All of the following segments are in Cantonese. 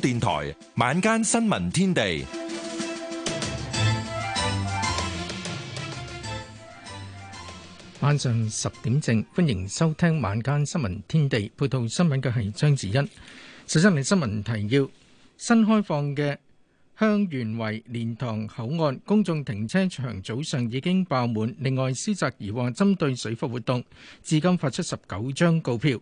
電台晚間新聞天地，晚上十點正，歡迎收聽晚間新聞天地。配套新聞嘅係張子欣。首先係新聞提要：新開放嘅香園圍蓮塘口岸公眾停車場早上已經爆滿。另外，施澤宜話，針對水貨活動，至今發出十九張告票。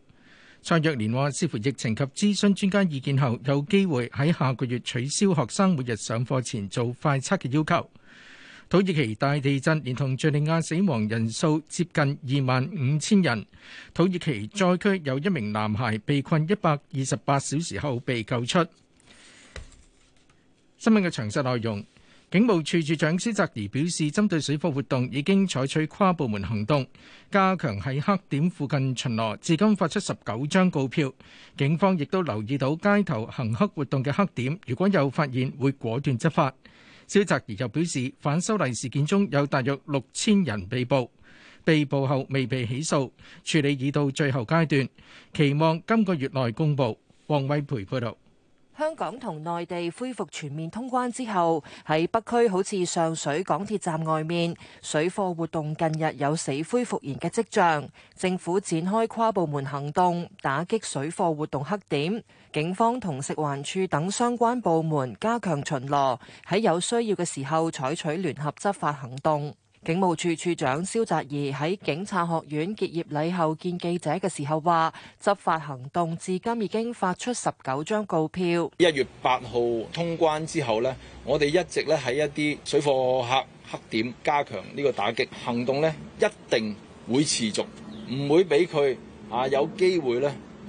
蔡若蓮話：視乎疫情及諮詢專家意見後，有機會喺下個月取消學生每日上課前做快測嘅要求。土耳其大地震連同敘利亞死亡人數接近二萬五千人。土耳其災區有一名男孩被困一百二十八小時後被救出。新聞嘅詳細內容。警務處處長蕭澤頤表示，針對水貨活動已經採取跨部門行動，加強喺黑點附近巡邏，至今發出19張告票。警方亦都留意到街頭行黑活動嘅黑點，如果有發現會果斷執法。蕭澤頤又表示，反修例事件中有大約6000人被捕，被捕後未被起訴，處理已到最後階段，期望今個月內公佈。王偉培報道。香港同內地恢復全面通關之後，喺北區好似上水港鐵站外面，水貨活動近日有死灰復燃嘅跡象。政府展開跨部門行動，打擊水貨活動黑點。警方同食環署等相關部門加強巡邏，喺有需要嘅時候採取聯合執法行動。警務處處長蕭澤頤喺警察學院結業禮後見記者嘅時候話：執法行動至今已經發出十九張告票。一月八號通關之後呢，我哋一直咧，喺一啲水貨客黑點加強呢個打擊行動呢，一定會持續，唔會俾佢啊有機會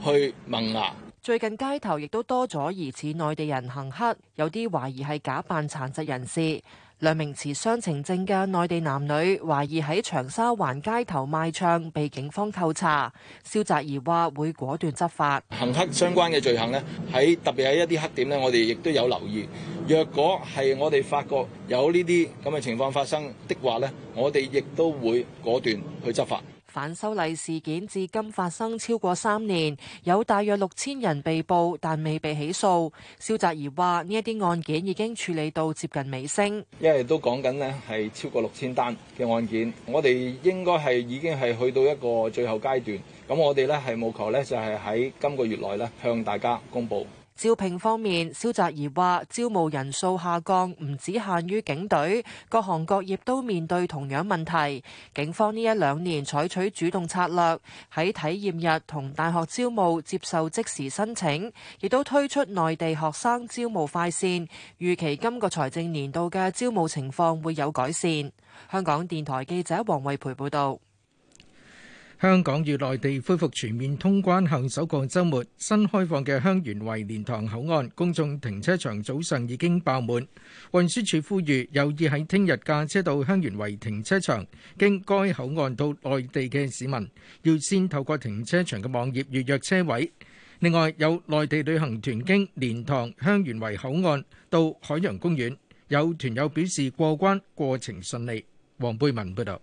去萌芽。最近街頭亦都多咗疑似內地人行乞，有啲懷疑係假扮殘疾人士。兩名持雙程證嘅內地男女懷疑喺長沙灣街頭賣唱，被警方扣查。蕭澤頤話會果斷執法，行黑相關嘅罪行咧，喺特別係一啲黑點咧，我哋亦都有留意。若果係我哋發覺有呢啲咁嘅情況發生的話呢，我哋亦都會果斷去執法。反修例事件至今發生超過三年，有大約六千人被捕，但未被起訴。蕭澤頤話：呢一啲案件已經處理到接近尾聲，因為都講緊呢係超過六千單嘅案件，我哋應該係已經係去到一個最後階段。咁我哋呢係務求呢，就係喺今個月內呢向大家公佈。招聘方面，肖澤怡話招募人數下降，唔止限於警隊，各行各業都面對同樣問題。警方呢一兩年採取主動策略，喺體驗日同大學招募接受即時申請，亦都推出內地學生招募快線。預期今個財政年度嘅招募情況會有改善。香港電台記者黃慧培報道。香港與內地恢復全面通關後首個週末，新開放嘅香園圍蓮塘口岸公眾停車場早上已經爆滿。運輸署呼籲有意喺聽日駕車到香園圍停車場經該口岸到內地嘅市民，要先透過停車場嘅網頁預約車位。另外，有內地旅行團經蓮塘香園圍口岸到海洋公園，有團友表示過關過程順利。黃貝文報道。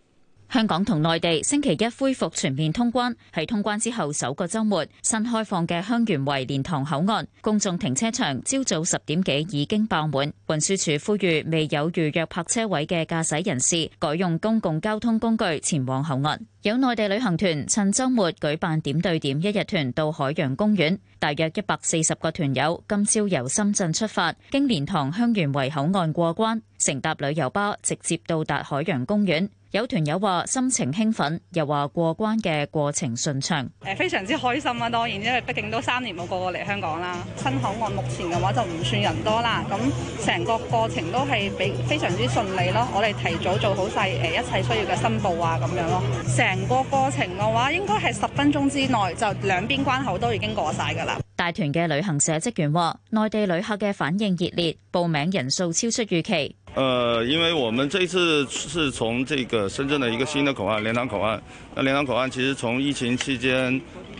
香港同內地星期一恢復全面通關，喺通關之後首個周末新開放嘅香園圍蓮塘口岸公眾停車場，朝早十點幾已經爆滿。運輸署呼籲未有預約泊車位嘅駕駛人士，改用公共交通工具前往口岸。有內地旅行團趁周末舉辦點對點一日團到海洋公園，大約一百四十個團友今朝由深圳出發，經蓮塘香園圍口岸過關。乘搭旅遊巴直接到達海洋公園，有團友話心情興奮，又話過關嘅過程順暢。誒，非常之開心啊！當然，因為畢竟都三年冇過過嚟香港啦。新口岸目前嘅話就唔算人多啦，咁成個過程都係比非常之順利咯。我哋提早做好晒誒一切需要嘅申報啊，咁樣咯。成個過程嘅話，應該係十分鐘之內就兩邊關口都已經過晒㗎啦。大團嘅旅行社職員話，內地旅客嘅反應熱烈，報名人數超出預期。呃，因為我們這一次是從這個深圳的一個新的口岸——蓮塘口岸。那蓮塘口岸其實從疫情期間，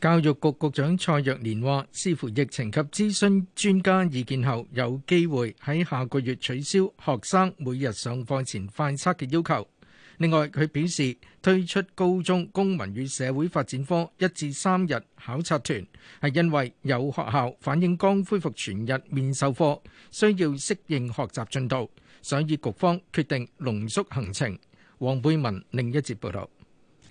教育局局長蔡若蓮話，視乎疫情及諮詢專家意見後，有機會喺下個月取消學生每日上課前快測嘅要求。另外，佢表示推出高中公民與社會發展科一至三日考察團，係因為有學校反映剛恢復全日面授課，需要適應學習進度，所以局方決定濃縮行程。黃貝文另一節報道。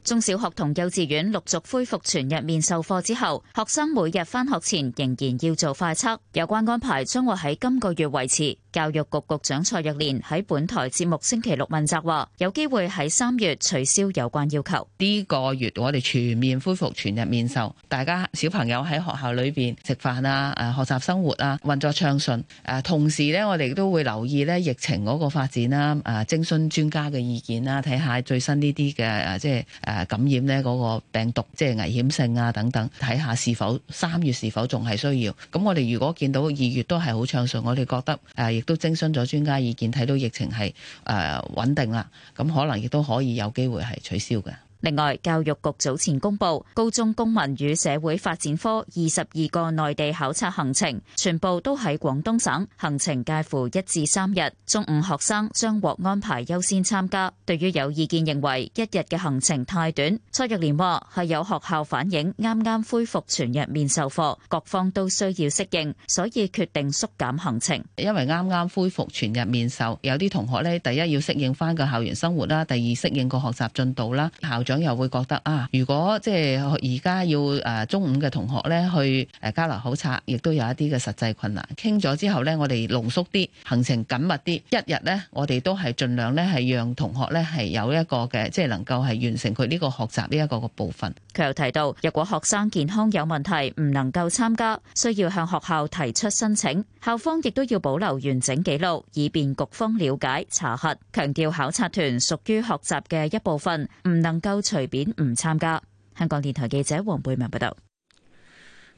中小學同幼稚園陸續恢復全日面授課之後，學生每日返學前仍然要做快測。有關安排將會喺今個月維持。教育局局長蔡若蓮喺本台節目星期六問責話：有機會喺三月取消有關要求。呢個月我哋全面恢復全日面授，大家小朋友喺學校裏面食飯啊、誒學習生活啊，運作暢順。誒同時呢，我哋都會留意呢疫情嗰個發展啦、誒徵詢專家嘅意見啦，睇下最新呢啲嘅誒即係誒感染咧，嗰個病毒即係危險性啊等等，睇下是否三月是否仲係需要？咁我哋如果見到二月都係好暢順，我哋覺得誒亦都徵詢咗專家意見，睇到疫情係誒穩定啦，咁可能亦都可以有機會係取消嘅。另外，教育局早前公布高中公民與社會發展科二十二個內地考察行程，全部都喺廣東省，行程介乎一至三日。中五學生將獲安排優先參加。對於有意見認為一日嘅行程太短，蔡玉蓮話係有學校反映啱啱恢復全日面授課，各方都需要適應，所以決定縮減行程。因為啱啱恢復全日面授，有啲同學咧，第一要適應翻個校園生活啦，第二適應個學習進度啦，校長。又會覺得啊，如果即係而家要誒中五嘅同學呢去誒交流考察，亦都有一啲嘅實際困難。傾咗之後呢，我哋濃縮啲行程緊密啲，一日呢，我哋都係盡量呢，係讓同學呢係有一個嘅，即係能夠係完成佢呢個學習呢一個嘅部分。佢又提到，如果學生健康有問題唔能夠參加，需要向學校提出申請，校方亦都要保留完整記錄，以便局方了解查核。強調考察團屬於學習嘅一部分，唔能夠隨便唔參加。香港電台記者黃貝文報道。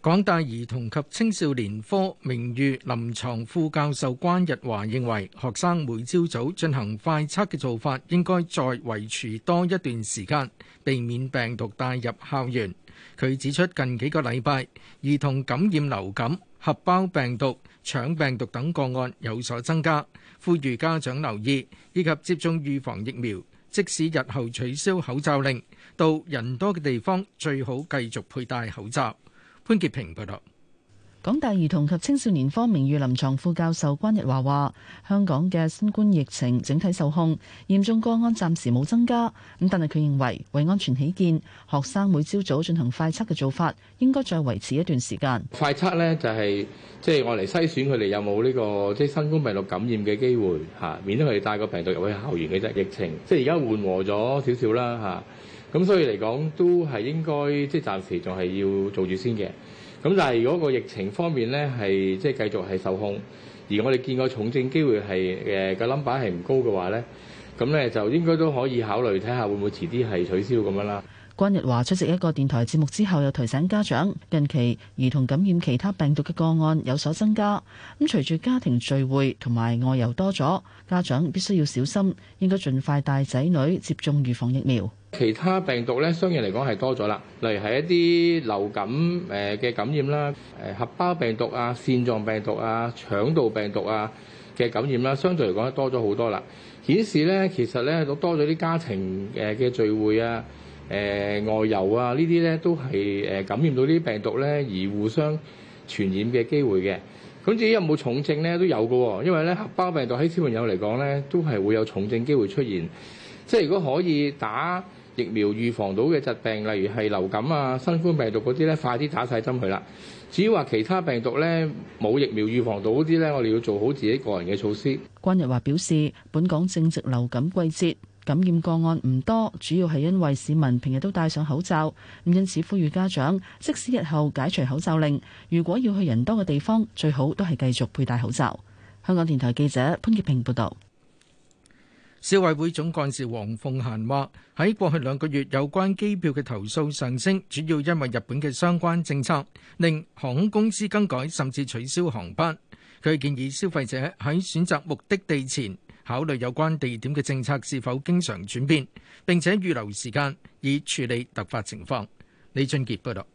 港大兒童及青少年科名譽臨床副教授關日華認為，學生每朝早進行快測嘅做法，應該再維持多一段時間，避免病毒帶入校園。佢指出，近幾個禮拜，兒童感染流感、核包病毒、搶病毒等個案有所增加，呼籲家長留意以及接種預防疫苗。即使日後取消口罩令，到人多嘅地方最好繼續佩戴口罩。潘潔平報道。港大兒童及青少年科名譽臨床副教授關日華話，香港嘅新冠疫情整體受控，嚴重個案暫時冇增加。咁但係佢認為，為安全起見，學生每朝早進行快測嘅做法應該再維持一段時間。快測呢，就係即係我嚟篩選佢哋有冇呢、這個即係、就是、新冠病毒感染嘅機會吓，免得佢哋帶個病毒入去校園嘅啫。疫情即係而家緩和咗少少啦吓，咁所以嚟講都係應該即係、就是、暫時仲係要做住先嘅。咁但係如果個疫情方面咧係即係繼續係受控，而我哋見過重症機會係誒個 number 係唔高嘅話咧，咁咧就應該都可以考慮睇下會唔會遲啲係取消咁樣啦。關日華出席一個電台節目之後，又提醒家長：近期兒童感染其他病毒嘅個案有所增加。咁隨住家庭聚會同埋外遊多咗，家長必須要小心，應該盡快帶仔女接種預防疫苗。其他病毒咧，相對嚟講係多咗啦，例如係一啲流感誒嘅感染啦，誒合胞病毒啊、腺狀病毒啊、腸道病毒啊嘅感染啦，相對嚟講多咗好多啦。顯示咧，其實咧都多咗啲家庭誒嘅聚會啊。誒、呃、外遊啊，呢啲咧都係誒感染到呢啲病毒咧，而互相傳染嘅機會嘅。咁至於有冇重症咧，都有嘅喎。因為咧，合胞病毒喺小朋友嚟講咧，都係會有重症機會出現。即係如果可以打疫苗預防到嘅疾病，例如係流感啊、新冠病毒嗰啲咧，快啲打晒針佢啦。至於話其他病毒咧，冇疫苗預防到嗰啲咧，我哋要做好自己個人嘅措施。關日華表示，本港正值流感季節。感染個案唔多，主要係因為市民平日都戴上口罩。咁因此，呼籲家長，即使日後解除口罩令，如果要去人多嘅地方，最好都係繼續佩戴口罩。香港電台記者潘潔平報導。消委會總幹事黃鳳嫻話：喺過去兩個月，有關機票嘅投訴上升，主要因為日本嘅相關政策令航空公司更改甚至取消航班。佢建議消費者喺選擇目的地前，考慮有關地點嘅政策是否經常轉變，並且預留時間以處理突發情況。李俊傑報導。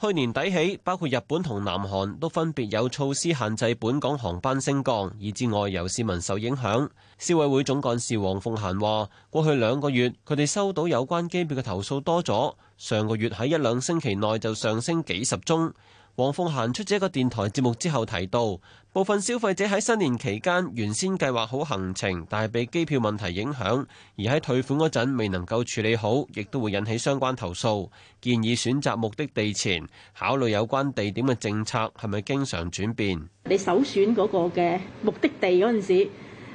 去年底起，包括日本同南韓都分別有措施限制本港航班升降，以致外遊市民受影響。消委會總幹事黃鳳嫺話，過去兩個月，佢哋收到有關機票嘅投訴多咗，上個月喺一兩星期內就上升幾十宗。黃鳳嫺出咗一個電台節目之後提到，部分消費者喺新年期間原先計劃好行程，但係被機票問題影響，而喺退款嗰陣未能夠處理好，亦都會引起相關投訴。建議選擇目的地前，考慮有關地點嘅政策係咪經常轉變。你首選嗰個嘅目的地嗰陣時。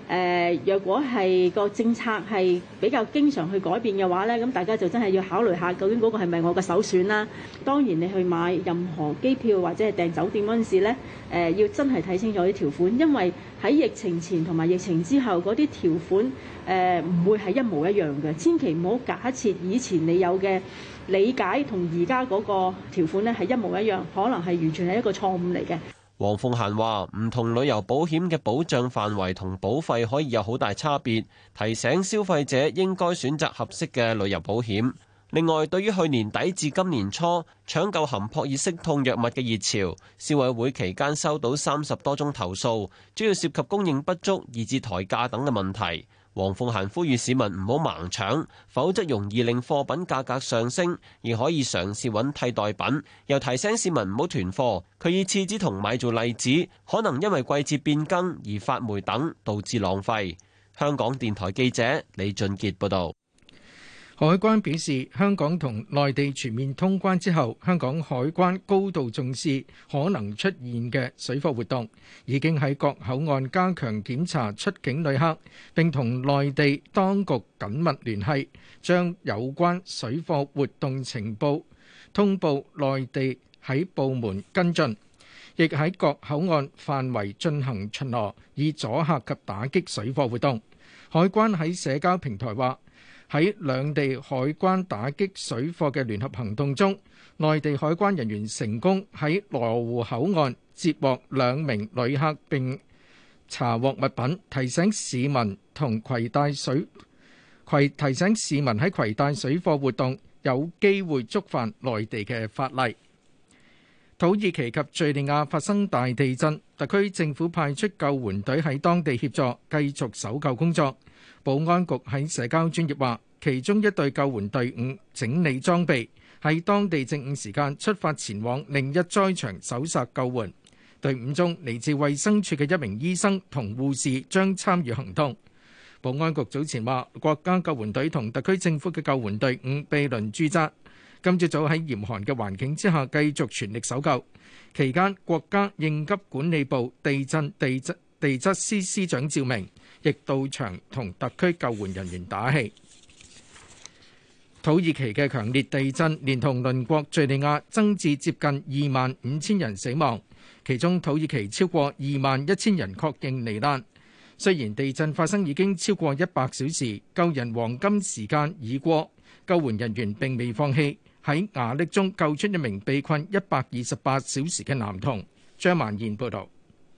誒，若果係個政策係比較經常去改變嘅話呢，咁大家就真係要考慮下究竟嗰個係咪我嘅首選啦。當然，你去買任何機票或者係訂酒店嗰陣時呢，誒要真係睇清楚啲條款，因為喺疫情前同埋疫情之後嗰啲條款誒唔會係一模一樣嘅。千祈唔好假設以前你有嘅理解同而家嗰個條款呢係一模一樣，可能係完全係一個錯誤嚟嘅。黃鳳嫻話：唔同旅遊保險嘅保障範圍同保費可以有好大差別，提醒消費者應該選擇合適嘅旅遊保險。另外，對於去年底至今年初搶購含撲熱息痛藥物嘅熱潮，消委會期間收到三十多宗投訴，主要涉及供應不足、以致抬價等嘅問題。黃鳳嫻呼籲市民唔好盲搶，否則容易令貨品價格上升，而可以嘗試揾替代品。又提醒市民唔好囤貨，佢以廁紙同米做例子，可能因為季節變更而發霉等，導致浪費。香港電台記者李俊杰報道。海關表示，香港同內地全面通關之後，香港海關高度重視可能出現嘅水貨活動，已經喺各口岸加強檢查出境旅客，並同內地當局緊密聯繫，將有關水貨活動情報通報內地喺部門跟進，亦喺各口岸範圍進行巡邏，以阻嚇及打擊水貨活動。海關喺社交平台話：喺兩地海關打擊水貨嘅聯合行動中，內地海關人員成功喺羅湖口岸截獲兩名旅客並查獲物品，提醒市民同攜帶水攜提醒市民喺攜帶水貨活動有機會觸犯內地嘅法例。土耳其及敍利亞發生大地震，特區政府派出救援隊喺當地協助，繼續搜救工作。保安局喺社交專業話，其中一隊救援隊伍整理裝備，喺當地正午時間出發前往另一災場搜索救援。隊伍中嚟自衛生署嘅一名醫生同護士將參與行動。保安局早前話，國家救援隊同特區政府嘅救援隊伍被輪駐紮，今朝早喺嚴寒嘅環境之下繼續全力搜救。期間，國家應急管理部地震地質地質司司長趙明亦到場同特區救援人員打氣。土耳其嘅強烈地震連同鄰國敍利亞，增至接近二萬五千人死亡，其中土耳其超過二萬一千人確認罹難。雖然地震發生已經超過一百小時，救人黃金時間已過，救援人員並未放棄，喺瓦礫中救出一名被困一百二十八小時嘅男童。張萬賢報導。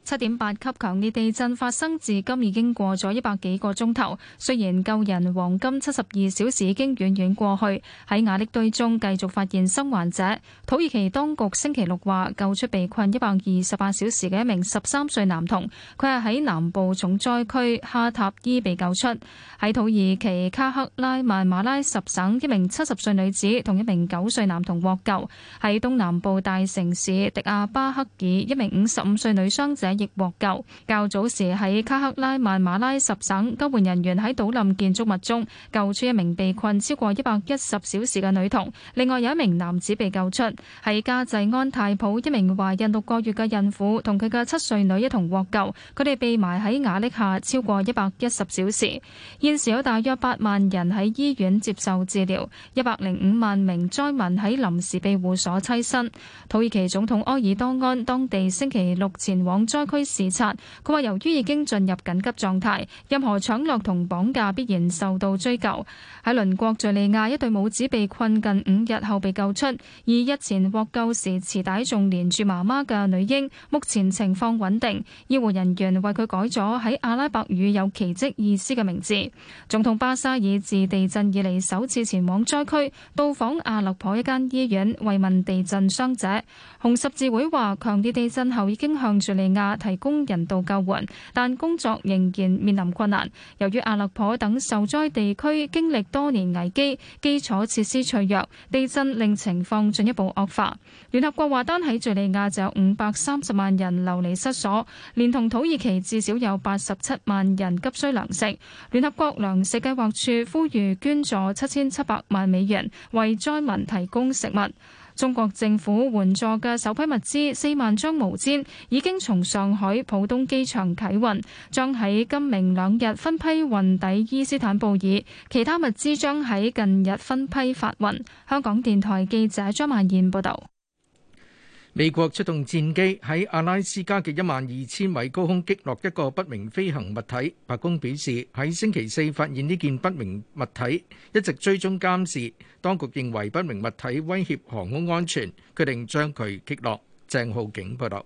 七點八級強烈地震發生至今已經過咗一百幾個鐘頭，雖然救人黃金七十二小時已經遠遠過去，喺瓦礫堆中繼續發現生還者。土耳其當局星期六話救出被困一百二十八小時嘅一名十三歲男童，佢係喺南部重災區哈塔伊被救出。喺土耳其卡克拉曼馬拉十省，一名七十歲女子同一名九歲男童獲救。喺東南部大城市迪亞巴克爾，一名五十五歲女傷者。亦獲救。較早時喺卡克拉曼馬拉十省，救援人員喺倒冧建築物中救出一名被困超過一百一十小時嘅女童。另外有一名男子被救出。喺加濟安泰普，一名懷孕六個月嘅孕婦同佢嘅七歲女一同獲救。佢哋被埋喺瓦礫下超過一百一十小時。現時有大約八萬人喺醫院接受治療，一百零五萬名災民喺臨時庇護所棲身。土耳其總統埃爾多安當地星期六前往災區視察，佢話由於已經進入緊急狀態，任何搶掠同綁架必然受到追究。喺鄰國敘利亞，一對母子被困近五日後被救出，而日前獲救時，臍帶仲連住媽媽嘅女嬰，目前情況穩定。醫護人員為佢改咗喺阿拉伯語有奇跡意思嘅名字。總統巴沙爾自地震以嚟首次前往災區，到訪阿勒頗一間醫院慰問地震傷者。紅十字會話，強烈地震後已經向敘利亞。提供人道救援，但工作仍然面臨困難。由於阿勒頗等受災地區經歷多年危機，基礎設施脆弱，地震令情況進一步惡化。聯合國話單喺敘利亞就有五百三十萬人流離失所，連同土耳其至少有八十七萬人急需糧食。聯合國糧食計劃署呼籲捐助七千七百萬美元，為災民提供食物。中國政府援助嘅首批物資，四萬張毛氈已經從上海浦東機場啟運，將喺今明兩日分批運抵伊斯坦布爾。其他物資將喺近日分批發運。香港電台記者張曼燕報道。美國出動戰機喺阿拉斯加嘅一萬二千米高空擊落一個不明飛行物體。白宮表示，喺星期四發現呢件不明物體，一直追蹤監視。當局認為不明物體威脅航空安全，決定將佢擊落。鄭浩景報道。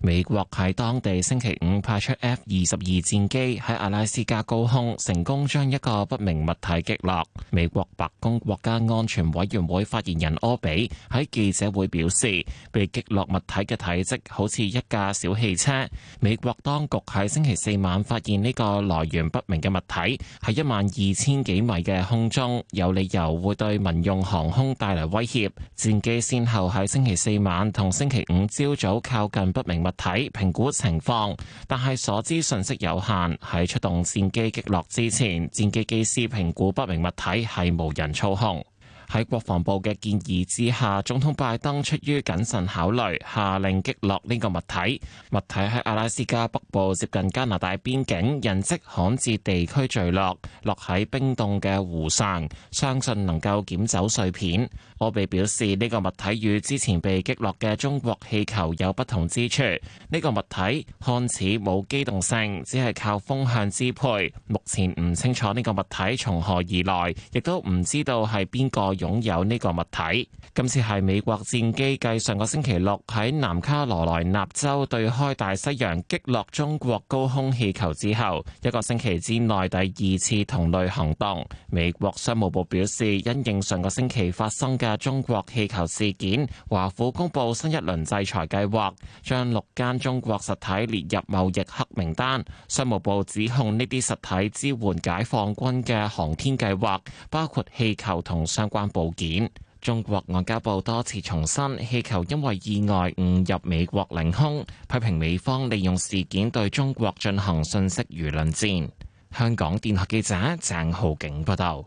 美國喺當地星期五派出 F 二十二戰機喺阿拉斯加高空成功將一個不明物體擊落。美國白宮國家安全委員會發言人柯比喺記者會表示，被擊落物體嘅體積好似一架小汽車。美國當局喺星期四晚發現呢個來源不明嘅物體係一萬二千幾米嘅空中，有理由會對民用航空帶來威脅。戰機先後喺星期四晚同星期五朝早靠近不明物體，物體評估情況，但係所知信息有限。喺出動戰機擊落之前，戰機機師評估不明物體係無人操控。喺國防部嘅建議之下，總統拜登出於謹慎考慮，下令擊落呢個物體。物體喺阿拉斯加北部接近加拿大邊境，人跡罕至地區墜落，落喺冰凍嘅湖上，相信能夠撿走碎片。我被表示呢個物體與之前被擊落嘅中國氣球有不同之處，呢個物體看似冇機動性，只係靠風向支配。目前唔清楚呢個物體從何而來，亦都唔知道係邊個擁有呢個物體。今次係美國戰機繼上個星期六喺南卡羅來納州對開大西洋擊落中國高空氣球之後一個星期之內第二次同類行動，美國商務部表示，因應上個星期發生嘅。嘅中國氣球事件，華府公布新一輪制裁計劃，將六間中國實體列入貿易黑名單。商務部指控呢啲實體支援解放軍嘅航天計劃，包括氣球同相關部件。中國外交部多次重申，氣球因為意外誤入美國領空，批評美方利用事件對中國進行信息輿論戰。香港電台記者鄭浩景報道。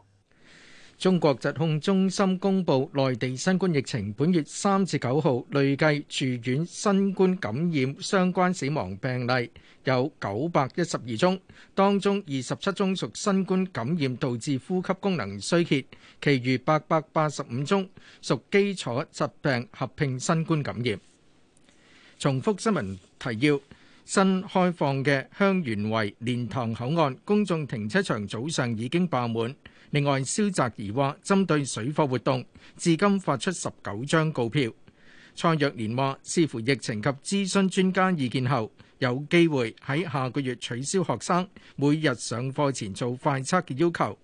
中國疾控中心公布，內地新冠疫情本月三至九號累計住院新冠感染相關死亡病例有九百一十二宗，當中二十七宗屬新冠感染導致呼吸功能衰竭，其餘八百八十五宗屬基礎疾病合併新冠感染。重複新聞提要。新開放嘅香園圍蓮塘口岸公眾停車場早上已經爆滿。另外，蕭澤頤話針對水貨活動，至今發出十九張告票。蔡若蓮話視乎疫情及諮詢專家意見後，有機會喺下個月取消學生每日上課前做快測嘅要求。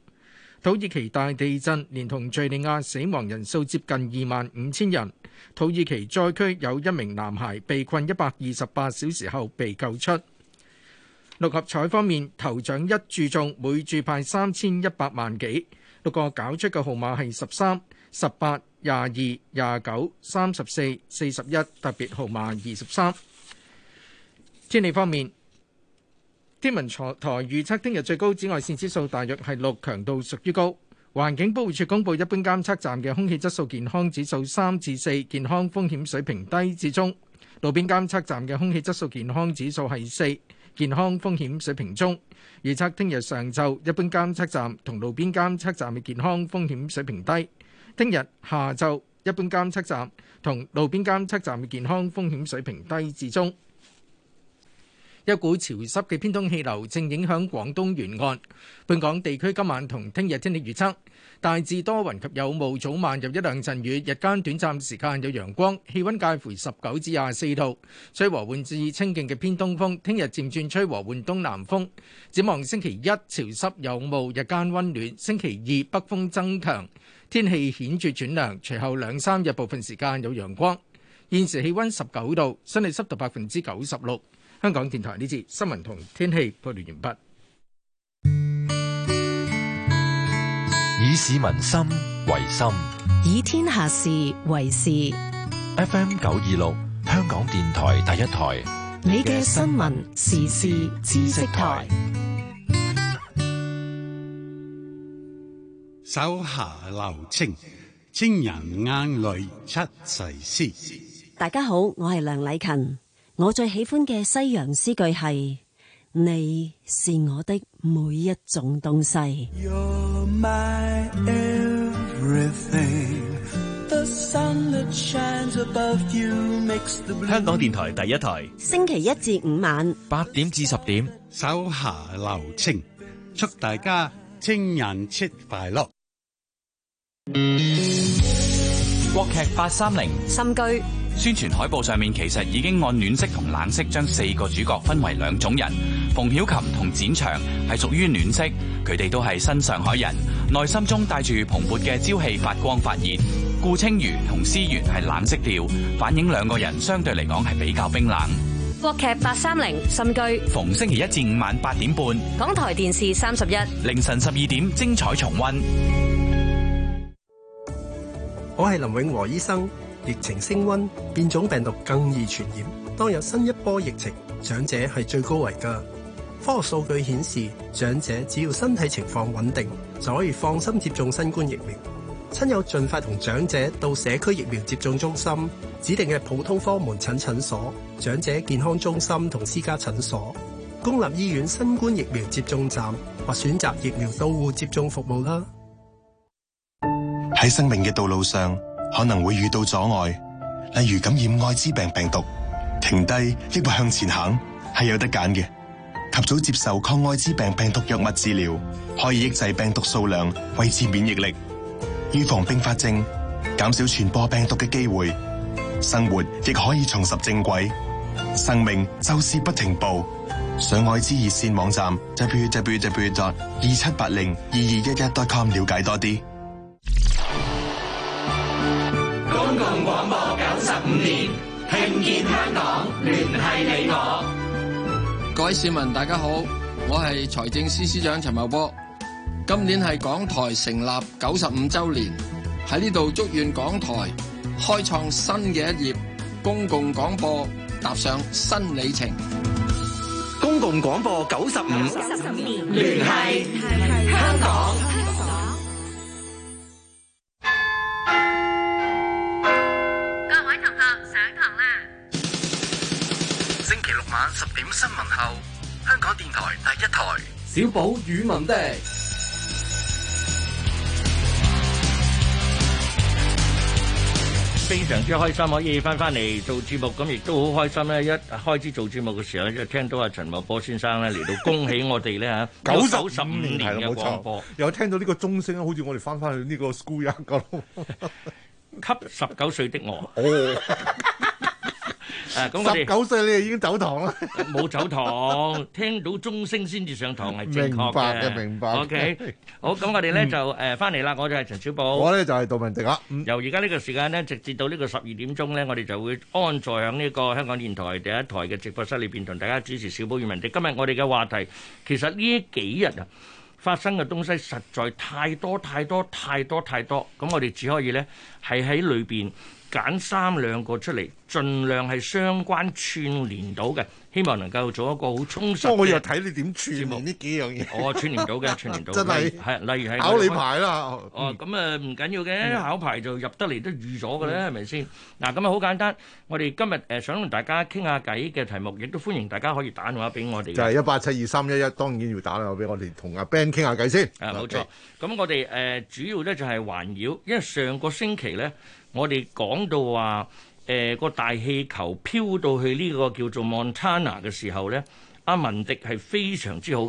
土耳其大地震連同敘利亞死亡人數接近二萬五千人。土耳其災區有一名男孩被困一百二十八小時後被救出。六合彩方面，頭獎一注中，每注派三千一百萬幾。六個攪出嘅號碼係十三、十八、廿二、廿九、三十四、四十一。特別號碼二十三。天氣方面。天文台預測聽日最高紫外線指數大約係六，強度屬於高。環境保護署公佈一般監測站嘅空氣質素健康指數三至四，健康風險水平低至中。路邊監測站嘅空氣質素健康指數係四，健康風險水平中。預測聽日上晝一般監測站同路邊監測站嘅健康風險水平低。聽日下晝一般監測站同路邊監測站嘅健康風險水平低至中。一股潮濕嘅偏東氣流正影響廣東沿岸，本港地區今晚同聽日天氣預測大致多雲及有霧，早晚有一兩陣雨，日間短暫時間有陽光，氣温介乎十九至廿四度，吹和緩至清勁嘅偏東風。聽日漸轉吹和緩東南風。展望星期一潮濕有霧，日間温暖；星期二北風增強，天氣顯著轉涼，隨後兩三日部分時間有陽光。現時氣温十九度，室內濕度百分之九十六。香港電台呢節新聞同天氣播完畢：「以市民心為心，以天下事為事。FM 九二六，香港電台第一台，你嘅新聞時事知識台。手下留情，情人眼裏出西施。大家好，我係梁禮勤。我最喜歡嘅西洋詩句係你是我的每一種東西。香港電台第一台星期宣傳海報上面其實已經按暖色同冷色將四個主角分為兩種人。馮曉琴同展翔係屬於暖色，佢哋都係新上海人，內心中帶住蓬勃嘅朝氣，發光發熱。顧清如同思源係冷色調，反映兩個人相對嚟講係比較冰冷。國劇八三零新居逢星期一至五晚八點半，港台電視三十一凌晨十二點精彩重溫。我係林永和醫生。疫情升溫，變種病毒更易傳染。當有新一波疫情，長者係最高危噶。科學數據顯示，長者只要身體情況穩定，就可以放心接種新冠疫苗。親友盡快同長者到社區疫苗接種中心、指定嘅普通科門診診所、長者健康中心同私家診所、公立醫院新冠疫苗接種站或選擇疫苗到戶接種服務啦。喺生命嘅道路上。可能會遇到阻礙，例如感染艾滋病病毒，停低抑或向前行係有得揀嘅。及早接受抗艾滋病病毒藥物治療，可以抑制病毒數量，維持免疫力，預防併發症，減少傳播病毒嘅機會，生活亦可以重拾正軌。生命就是不停步，上艾滋熱線網站就變就變就變 dot 二七八零二二一一 dot com 了解多啲。公共廣播九十五年，聽見香港，聯繫你我。各位市民，大家好，我係財政司司長陳茂波。今年係港台成立九十五週年，喺呢度祝願港台開創新嘅一頁，公共廣播踏上新里程。公共廣播九十五年，聯繫香港。星期六晚十點新聞後，香港電台第一台小寶語文的，非常之開心可以翻翻嚟做節目，咁亦都好開心咧！一開始做節目嘅時候咧，一聽到阿陳茂波先生咧嚟到恭喜我哋咧吓，九九十五年嘅廣播，又聽到呢個鐘聲，好似我哋翻翻去呢個 school 入個，給十九歲的我。 誒、啊，咁我九歲你哋已經走堂啦，冇走堂， 聽到鐘聲先至上堂係正確嘅，明白，明白。OK，好，咁我哋咧、嗯、就誒翻嚟啦，我就係陳小寶，我咧就係杜文迪啦、嗯。由而家呢個時間咧，直至到個呢個十二點鐘咧，我哋就會安坐響呢個香港電台第一台嘅直播室裏邊，同大家主持小寶與文迪。今日我哋嘅話題，其實呢幾日啊發生嘅東西實在太多太多太多太多，咁我哋只可以咧係喺裏邊。揀三兩個出嚟，盡量係相關串聯到嘅，希望能夠做一個好充實嘅。咁我又睇你點串聯呢幾樣嘢、 哦。 哦，串聯到嘅，串聯到。真係。係例如係考你牌啦。哦，咁啊唔緊要嘅，考牌就入得嚟都預咗嘅咧，係咪先？嗱，咁啊好簡單。我哋今日誒、呃、想同大家傾下偈嘅題目，亦都歡迎大家可以打電話俾我哋。就係一八七二三一一，當然要打啦，俾我哋同阿 Ben 傾下偈先。誒、啊，冇錯。咁、okay。啊、我哋誒、呃、主要咧就係環繞，因為上個星期咧。我哋講到話誒、呃那個大氣球飄到去呢個叫做 Montana 嘅時候咧，阿、啊、文迪係非常之好。